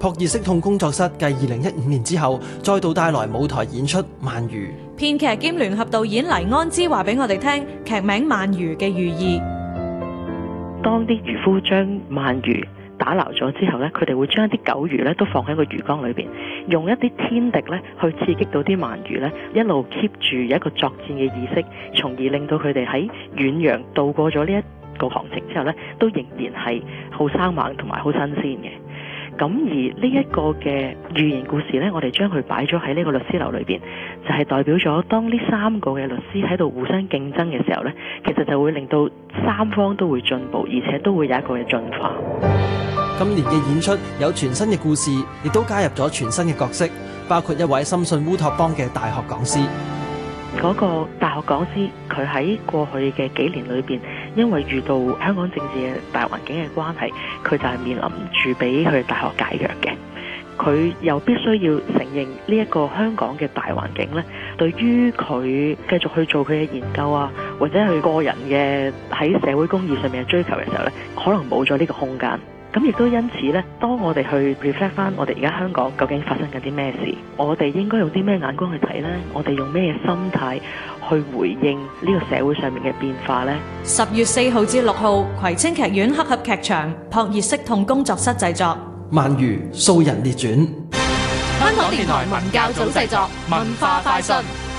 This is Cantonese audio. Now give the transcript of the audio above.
撲熱息痛工作室繼二零一五年之後，再度帶來舞台演出《鰻魚》。編劇兼聯合導演黎安之話俾我哋聽劇名《鰻魚》嘅寓意。當啲漁夫將鰻魚打撈咗之後呢，佢哋會將啲狗魚咧都放喺個魚缸裏邊，用一啲天敵咧去刺激到啲鰻魚咧，一路 keep 住有一個作戰嘅意識，從而令到佢哋喺遠洋度過咗呢一個行程之後呢，都仍然係好生猛同埋好新鮮嘅。咁而呢一個嘅寓言故事呢，我哋將佢擺咗喺呢個律師樓裏面，就係代表咗當呢三個嘅律師喺度互相競爭嘅時候呢，其實就會令到三方都會進步，而且都會有一個嘅進化。今年嘅演出有全新嘅故事，亦都加入咗全新嘅角色，包括一位深信烏托邦嘅大學講師。嗰個大學講師，佢喺過去嘅幾年裏面。因為遇到香港政治嘅大環境嘅關係，佢就係面臨住俾佢大學解約嘅，佢又必須要承認呢一個香港嘅大環境呢，對於佢繼續去做佢嘅研究啊，或者佢個人嘅喺社會公義上面嘅追求嘅時候呢，可能冇咗呢個空間。咁亦都因此呢，當我哋去 reflect 翻我哋而家香港究竟發生緊啲咩事，我哋應該用啲咩眼光去睇呢？我哋用咩心態去回應呢個社會上面嘅變化呢？十月四號至六號，葵青劇院黑盒劇場，撲熱息痛工作室製作《萬餘蘇人列傳》。香港電台文教組製作文化快訊。